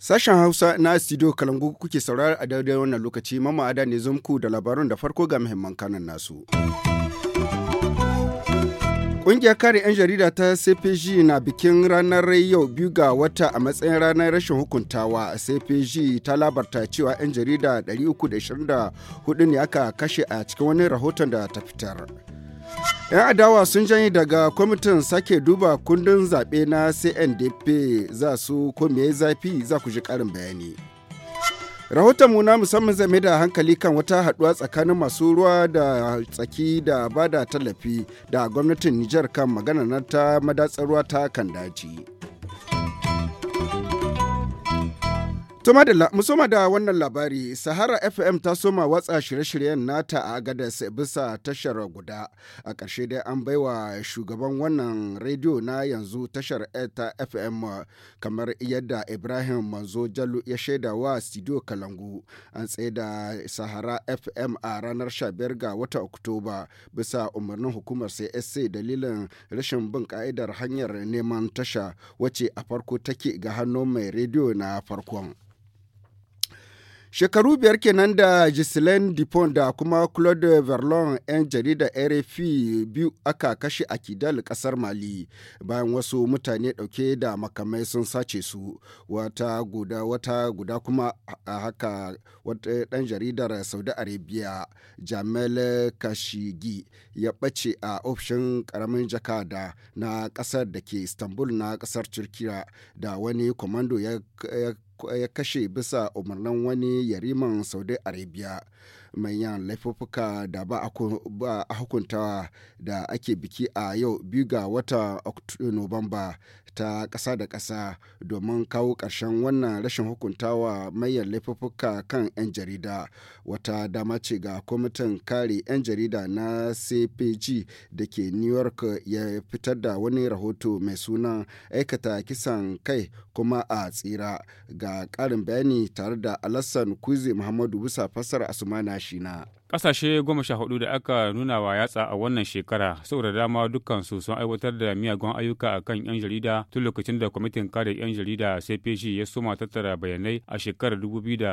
Sashen Hausa na studio Kalangu kuke saurara a daidai wannan lokaci ada ne zumku da labarun da farko ga muhimman kanan nasu. Ƙungiyar kare 'yan jarida ta CPG na bikin ranar yau biyu ga wata a matsayin ranar rashin hukuntawa. a CPG ta labarta cewa 'yan jarida 324 ne aka kashe a cikin wani rahoton da ta fitar. 'yan adawa sun janye daga kwamitin sake duba kundin zaɓe na cndp za su kome zafi za ku ji ƙarin bayani rahotonmu na musamman zai mai da hankali kan wata haɗuwa tsakanin masu ruwa da tsaki da ba da tallafi da gwamnatin nijar kan maganar ta madatsar ruwa ta kan daji. Tuma da da wannan labari Sahara FM ta soma watsa shirye-shiryen nata a gadas bisa tashar guda. A ƙarshe dai an baiwa shugaban wannan rediyo na yanzu tashar ta FM kamar yadda Ibrahim Manzo jallu ya shaida wa Studio Kalangu. An tsaye da Sahara FM a ranar 15 ga watan Oktoba bisa umarnin hukumar CSC dalilin rashin bin ka'idar hanyar neman tasha wacce a farko take ga hannun mai rediyo na farkon. Shekaru biyar kenan da Ghislaine Dupont da kuma Claude Verlon 'yan jarida RFI biyu aka kashe a Kidal kasar Mali bayan wasu mutane dauke da makamai sun sace su wata guda wata guda kuma a haka wata ɗan jaridar Saudi Arabia Jamel Kashigi ya bace a ofishin karamin jakada na kasar da ke Istanbul na kasar Turkiya da wani kwamando ya ya kashe bisa umarnin wani yariman saudi arabia manyan laifuffuka da ba a hukuntawa da ake biki a yau biyu ga wata Nuwamba ta ƙasa da ƙasa domin kawo ƙarshen wannan rashin hukuntawa manyan laifuffuka kan 'yan jarida wata dama ce ga kwamitin kare 'yan jarida na cpg da ke new york ya fitar da wani rahoto mai suna aikata kisan kai kuma a tsira ga ƙarin bayani tare da alassan kuzi muhammadu bisa fassara asumana nashi na Ƙasashe goma sha hudu da aka nuna wa yatsa a wannan shekara saboda dama dukkansu sun aiwatar da miyagun ayyuka a kan 'yan jarida tun lokacin da kwamitin kare 'yan jarida CPG ya suma tattara bayanai a shekarar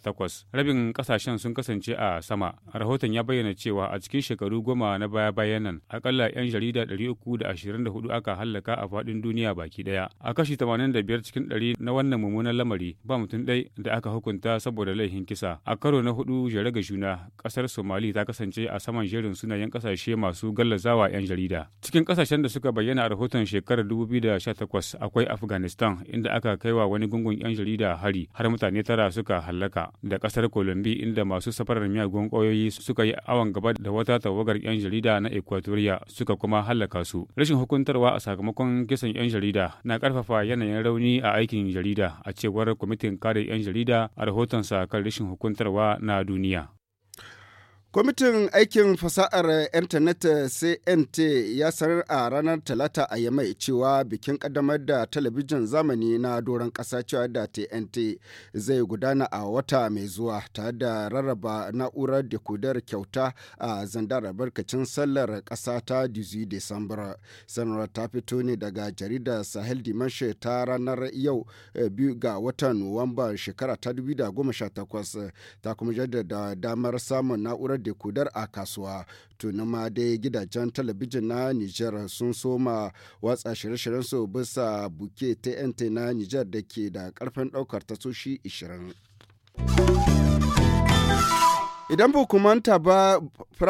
takwas Rabin ƙasashen sun kasance a sama. Rahoton ya bayyana cewa a cikin shekaru goma na baya-bayan nan akalla 'yan jarida da 324 aka hallaka a faɗin duniya baki ɗaya. A kashi 85 cikin 100 na wannan mummunan lamari ba mutum ɗai da aka hukunta saboda laifin kisa. A karo na hudu jere ga juna Ƙasar kasar somali ta kasance a saman jerin sunayen kasashe masu gallazawa 'yan jarida cikin kasashen da suka bayyana a rahoton shekarar 2018 akwai afghanistan inda aka kai wa wani gungun 'yan jarida hari har mutane tara suka hallaka da kasar colombia inda masu safarar miyagun ƙwayoyi suka yi awon gaba da wata tawagar 'yan jarida na equatoria suka kuma hallaka su rashin hukuntarwa a sakamakon kisan 'yan jarida na karfafa yanayin rauni a aikin jarida a cewar kwamitin kare 'yan jarida a rahoton sa kan rashin hukuntarwa na duniya Kwamitin aikin fasa'ar intanet CNT ya sanar a ranar Talata a Yamai cewa bikin kaddamar da talabijin zamani na doron ƙasa cewa da TNT zai gudana a wata mai zuwa tare da rarraba na'urar dekodar kyauta a zandar barkacin sallar ƙasa ta 18 Desambar. Sanarwar ta fito ne daga jaridar Sahel Dimanshe ta ranar yau eh, biyu ga watan Nuwamba shekara ta 2018 ta kuma jaddada damar samun na'urar kudar a kasuwa tuni ma dai gidajen talabijin na niger sun soma watsa shirye-shiryen su bisa buke tnt na niger da ke da karfin daukar tasoshi 20 Idan ba ku manta ba,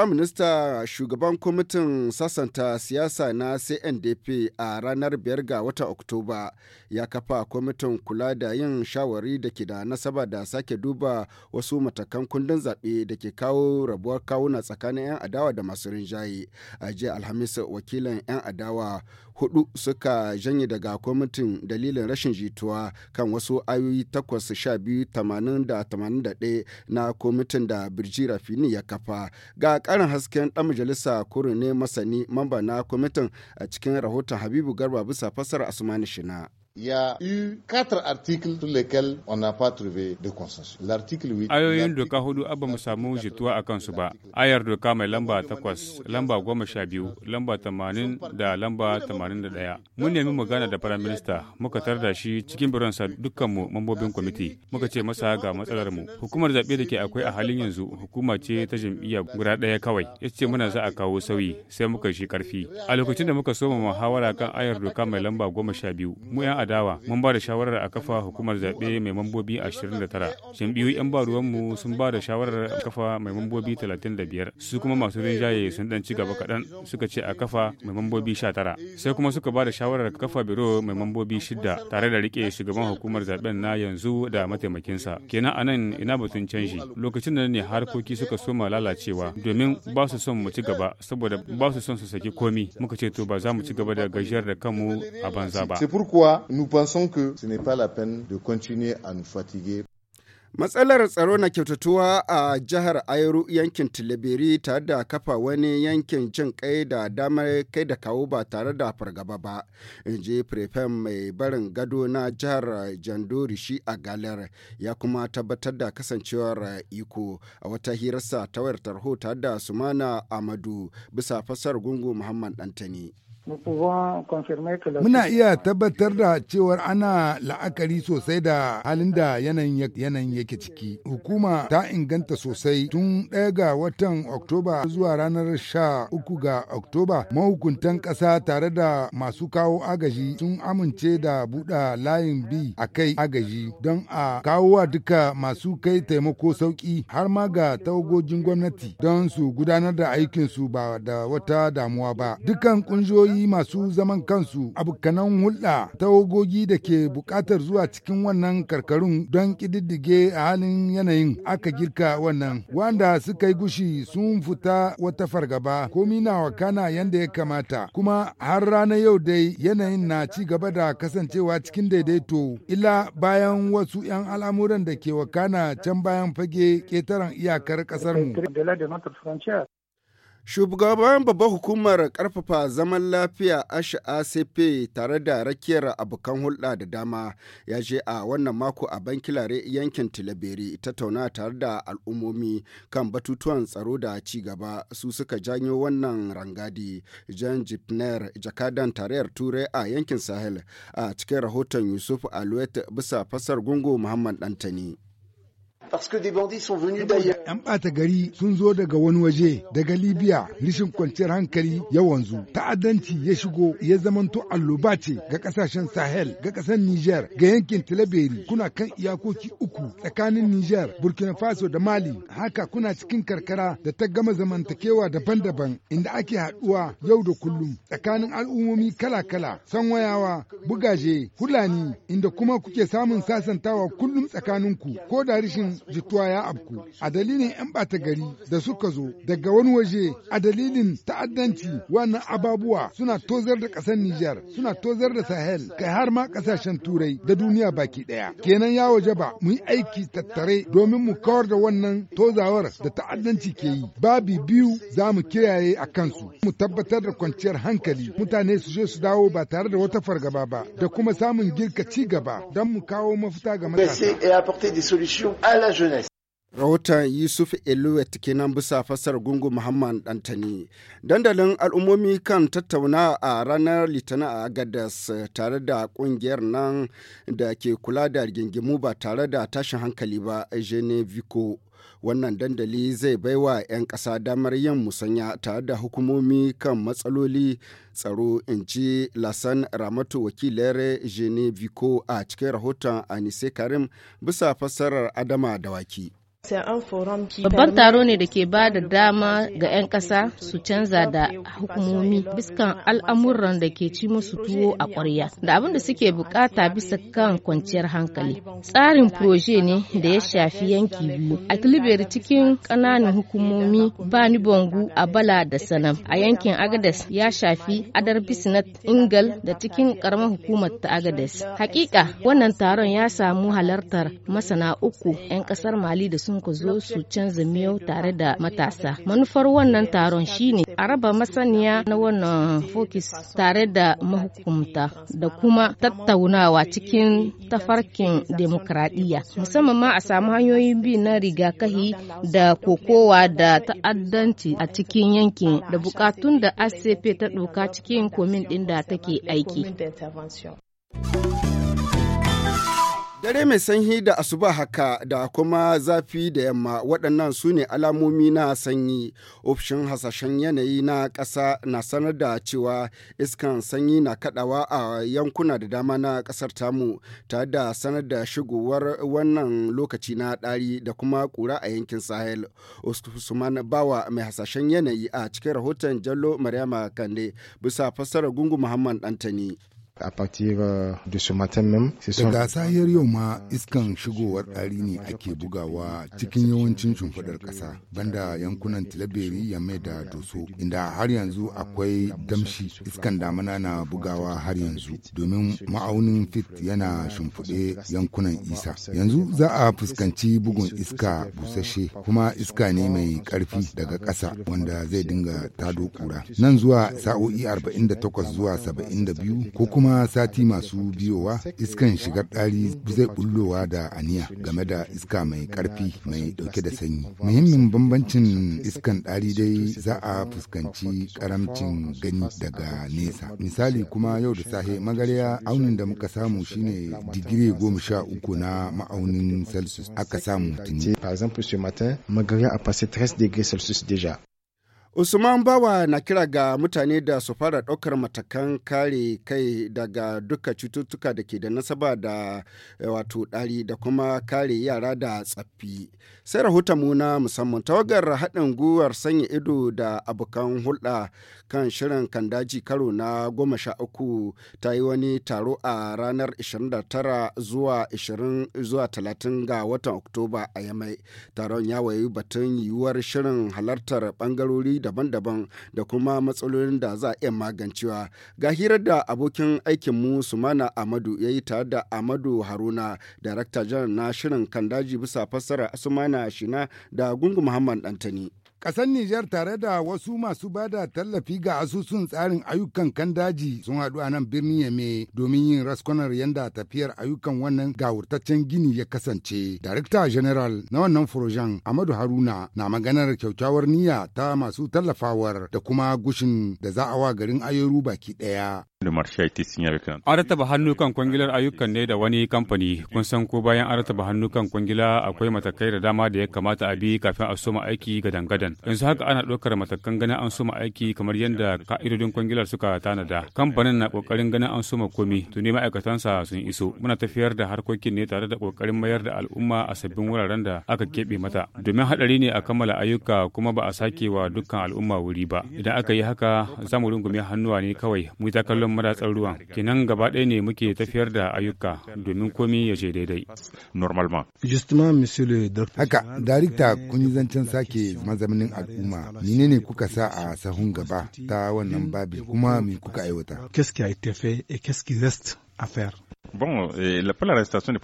minister shugaban kwamitin sassanta siyasa na CNDP a ranar 5 ga wata Oktoba ya kafa kwamitin kula da yin shawari da ke da nasaba da sake duba wasu matakan kundin zaɓe da ke kawo rabuwar kawuna tsakanin 'yan adawa da masu rinjaye. A jiya Alhamis wakilin 'yan adawa hudu suka janye daga kwamitin dalilin rashin jituwa kan wasu ayoyi takwas sha biyu tamanin da tamanin da ɗaya na kwamitin da birji rafini ya kafa ga ƙarin hasken ɗan majalisa ne masani mamba na kwamitin a cikin rahoton habibu garba bisa fasar asumani shina. Il y a eu quatre articles sur lesquels on n'a pas trouvé de consensus. doka hudu abba mu samu jituwa a kansu ba. Ayar doka mai lamba takwas, lamba goma sha biyu, lamba tamanin da lamba tamanin da ɗaya. Mun nemi magana gana da firaminista muka tar da shi cikin biransa dukkanmu mambobin kwamiti. Muka ce masa ga matsalar mu. Hukumar zaɓe da ke akwai a halin yanzu hukuma ce ta jam'iyya guda ɗaya kawai. Ya ce muna za a kawo sauyi sai muka shi karfi. A lokacin da muka soma muhawara kan ayar doka mai lamba goma sha biyu, mu 'yan adawa mun ba da shawarar a kafa hukumar zaɓe mai mambobi 29 shimbiyu 'yan ba ruwanmu sun ba da shawarar a kafa mai mambobi 35 su kuma masu rinjaye sun dan ci gaba kaɗan suka ce a kafa mai mambobi 19 sai kuma suka ba da shawarar kafa biro mai mambobi 6 tare da rike shugaban hukumar zaben na yanzu da mataimakinsa kenan anan ina batun canji lokacin da ne harkoki suka soma lalacewa domin ba su son mu ci gaba saboda ba su son su saki komi muka ce to ba za mu ci gaba da gajiyar da kanmu a banza ba. Nous pensons que ce n'est pas la peine de continuer à nous fatiguer. Matsalar tsaro na kyautatuwa a jihar Ayoro yankin Tileberi tare da kafa wani yankin jin kai da damar kai da kawo ba tare da fargaba ba, in ji Prefem mai barin gado na jihar jandori shi a Galar ya kuma tabbatar da kasancewar iko a wata hirarsa ta wayar tarho tare da Sumana Amadu bisa fasar gungu Muhammad Dantani. Muna iya tabbatar da cewar ana la'akari sosai da halin da yanayin yake ciki. Hukuma ta inganta sosai tun ɗaya ga watan Oktoba zuwa ranar sha uku ga Oktoba. Mahukuntan ƙasa tare da masu kawo agaji sun amince da buɗa layin bi a kai agaji don a kawo wa duka masu kai taimako sauƙi har ma ga tawagogin gwamnati don su gudanar da aikinsu ba da wata damuwa ba. Dukan ƙungiyoyi masu zaman kansu kanan hulɗa ta tawagogi da ke buƙatar zuwa cikin wannan karkarun don ƙididdige a halin yanayin aka girka wannan wanda suka yi gushi sun fita wata fargaba komi na wakana yadda ya kamata kuma har ranar yau dai yanayin na ci gaba da kasancewa cikin daidaito illa bayan wasu 'yan al'amuran da ke wakana can bayan fage ƙetaren iyakar mu Shugaban babbar hukumar karfafa zaman lafiya Asha ACP tare da rakiyar abokan hulɗa da dama ya je a wannan mako a bankilare yankin Tilaberi tattauna tare da al'ummomi kan batutuwan tsaro da ci gaba su suka janyo wannan rangadi. jan Jipner jakadan tarayyar Turai a yankin Sahel a cikin rahoton Yusuf alwet bisa fasar gungu Muhammad Dantani. Yan ɓata gari sun zo daga wani waje, daga Libya, rishin kwanciyar hankali ya wanzu. Ta'addanci ya shigo ya zamanto alloba ce ga ƙasashen Sahel, ga ƙasar Niger, ga yankin Tilaberi, kuna kan iyakoki uku tsakanin Niger, Burkina Faso da Mali. Haka kuna cikin karkara da ta gama zamantakewa daban-daban inda ake haɗuwa yau da kullum tsakanin al'ummomi kala-kala, sanwayawa, bugaje, hulani, inda kuma kuke samun sasantawa kullum tsakaninku ko da rishin jituwa ya afku a dalilin 'yan ɓata gari da suka zo daga wani waje a dalilin ta'addanci wannan ababuwa suna tozar da ƙasar Nijar suna tozar da Sahel kai har ma ƙasashen Turai da duniya baki ɗaya kenan ya waje ba mu yi aiki tattare domin mu kawar da wannan tozawar da ta'addanci ke yi babi biyu za mu kiyaye a kansu mu tabbatar da kwanciyar hankali mutane su je su dawo ba tare da wata fargaba ba da kuma samun girka ci gaba don mu kawo mafita ga matasa. la jeunesse. rahoton yusuf eluwet kenan bisa fasar gungu muhammad dantani dandalin al'ummomi kan tattauna a ranar litinin a agadas tare da ƙungiyar nan da ke kula da rigingimu ba tare da tashin hankali ba genevico Wannan dandali zai baiwa 'yan ƙasa damar yin musanya tare da hukumomi kan matsaloli tsaro in ji Lasan Ramatu wakilare Genevico a cikin rahoton Anise Karim bisa fassarar Adama da Dawaki. Babban taro ne da ke ba da dama ga 'yan ƙasa su canza da hukumomi biskan al'amuran da ke ci musu tuwo a ƙwarya da abin da suke bukata bisa kan kwanciyar hankali. Tsarin proje ne da ya shafi yanki biyu. A cikin ƙananan hukumomi Bani Bongu a Bala da Sanam. A yankin Agades ya shafi Adar Bisnat Ingal da cikin ƙaramar hukumar ta Agades. Hakika wannan taron ya samu halartar masana uku 'yan ƙasar Mali da sun ku zo su canza miyau tare da matasa. Manufar wannan taron shine a raba masaniya na wannan focus tare da mahukumta da kuma tattaunawa cikin tafarkin demokradiyya musamman ma a samu hanyoyin bi na rigakahi da kokowa da ta'addanci a cikin yankin da bukatun da acp ta doka cikin komin ɗin da take aiki Dare mai sanyi da asuba haka da kuma zafi da yamma waɗannan su ne alamomi na sanyi. Ofishin hasashen yanayi na ƙasa na sanar da cewa iskan sanyi na kaɗawa a yankuna da dama na ƙasar tamu tare da sanar da shigowar wannan lokaci na ɗari da kuma ƙura a yankin Sahel. Usman Bawa mai hasashen yanayi a cikin rahoton Jallo Maryama Kande bisa fassarar Gungu Muhammad Dantani. a partir da su matan sont... Daga sahiyar yau ma iskan shigowar ɗari ne ake bugawa cikin yawancin shimfiɗar ƙasa banda yankunan Tilaberi ya mai da doso inda har yanzu akwai damshi iskan damana na bugawa har yanzu domin ma'aunin fit yana shimfiɗe yankunan isa. Yanzu za a fuskanci bugun iska busasshe kuma iska ne mai ƙarfi daga ƙasa wanda zai dinga tado kura. Nan zuwa sa'o'i 48 zuwa 72 ko kuma kuma sati masu biyowa iskan shigar ɗari zai bullowa da aniya game da iska mai ƙarfi mai ɗauke da sanyi. Muhimmin bambancin iskan ɗari dai za a fuskanci karamcin gani daga nesa. Misali kuma yau da sahe magarya aunin da muka samu shine digiri goma sha uku na ma'aunin Celsius aka samu tuni. a passé 13 degrés Celsius déjà. Usman Bawa na kira ga mutane da su fara ɗaukar matakan kare kai daga duka cututtuka da ke da nasaba da eh, wato ɗari da kuma kare yara da tsaffi. Sai rahotonmu na musamman tawagar haɗin guwar sanya ido da abokan hulɗa kan shirin kandaji karo na goma sha uku ta yi wani taro a ranar 29 zuwa 20 zuwa 30 ga watan Oktoba a Yamai. Taron ya wayi batun yiwuwar shirin halartar ɓangarori daban-daban da kuma matsalolin da za a iya magancewa. Ga hirar da abokin aikinmu Sumana Amadu ya yi tare da Amadu Haruna, Darakta Janar na Shirin kan daji bisa fassara Sumana Shina da Gungu Muhammad Dantani. Ƙasar Nijar tare da wasu masu ba da tallafi ga asusun tsarin ayyukan kan daji sun haɗu a nan birnin Yame domin yin raskonar yanda tafiyar ayyukan wannan gawurtaccen gini ya kasance. Darakta General na wannan furojan Amadu Haruna na maganar kyaukyawar niyya ta masu tallafawar da kuma gushin da za a wa garin Ayoru baki ɗaya. An rataba hannu kan kwangilar ayyukan ne da wani kamfani kun san ko bayan an rataba hannu kan kwangila akwai matakai da dama da ya kamata a bi kafin a soma aiki gadan-gadan. Yanzu haka ana ɗaukar matakan ganin an soma aiki kamar yadda ka'idodin kwangilar suka tanada. Kamfanin na ƙoƙarin ganin an soma komi tuni ma'aikatansa sun iso. Muna tafiyar da harkokin ne tare da ƙoƙarin mayar da al'umma a sabbin wuraren da aka keɓe mata. Domin haɗari ne a kammala ayyuka kuma ba a sake wa dukkan al'umma wuri ba. Idan aka yi haka za mu rungume hannuwa ne kawai mu yi takallon madatsar ruwan kenan gaba ɗaya ne muke tafiyar da ayyuka domin komi ya ce daidai haka darikta kun yi zancen sake mazaunin al'umma ne ne kuka sa a sahun gaba ta wannan babi kuma me kuka aiwata Qu'est-ce qui a été fait Bon, eh,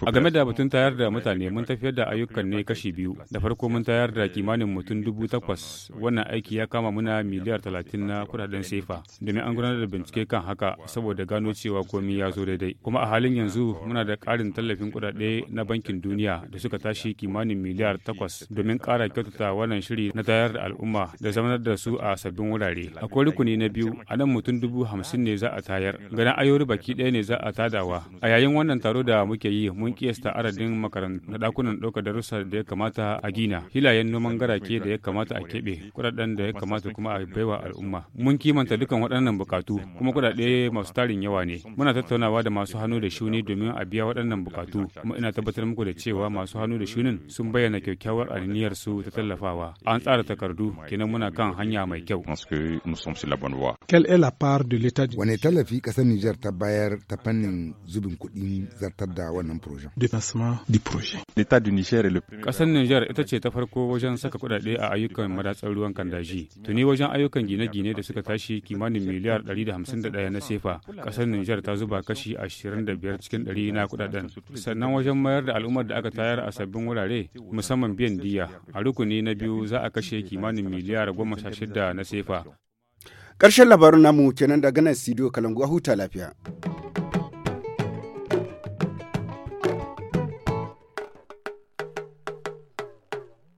A game da batun tayar da mutane mun tafiyar da ayyukan ne kashi biyu. Da farko mun tayar da kimanin mutum dubu takwas wannan aiki ya kama muna miliyar talatin na kudaden sefa domin an gudanar da bincike kan haka saboda gano cewa komi ya zo daidai. Kuma a halin yanzu muna da ƙarin tallafin kudade na bankin duniya da suka tashi kimanin miliyar takwas domin ƙara kyautata wannan shiri na tayar da al'umma da zamanar da su a sabbin wurare. Akwai rukuni na biyu a nan mutum dubu hamsin ne za a tayar. Ganin ayori baki ɗaya ne za a tadawa. yayin wannan taro da muke yi mun kiyasta aradin makarantu dakunan ɗaukar darussa da ya kamata a gina, hilayen noman garake da ya kamata a keɓe, kuɗaɗen da ya kamata kuma a baiwa al'umma. Mun kimanta dukkan waɗannan bukatu kuma kuɗaɗe masu tarin yawa ne. Muna tattaunawa da masu hannu da shuni domin a biya waɗannan bukatu kuma ina tabbatar muku da cewa masu hannu da shunin sun bayyana kyakkyawar aniniyar su ta tallafawa. An tsara takardu kenan muna kan hanya mai kyau. Quelle est la part de l'État? tallafi ƙasar Nijar ta bayar ta fannin zubin kuɗin zartar da wannan Ƙasar Nijar ita ce ta farko wajen saka kuɗaɗe a ayyukan madatsar ruwan kandashi. Tuni wajen ayyukan gine-gine da suka tashi kimanin miliyar 151 na sefa. Ƙasar Nijar ta zuba kashi 25 cikin ɗari na kuɗaɗen. Sannan wajen mayar da al'ummar da aka tayar a sabbin wurare musamman biyan diya. A rukuni na biyu za a kashe kimanin miliyar 16 na sefa. Ƙarshen labarun namu kenan daga nan studio Kalangu a huta lafiya.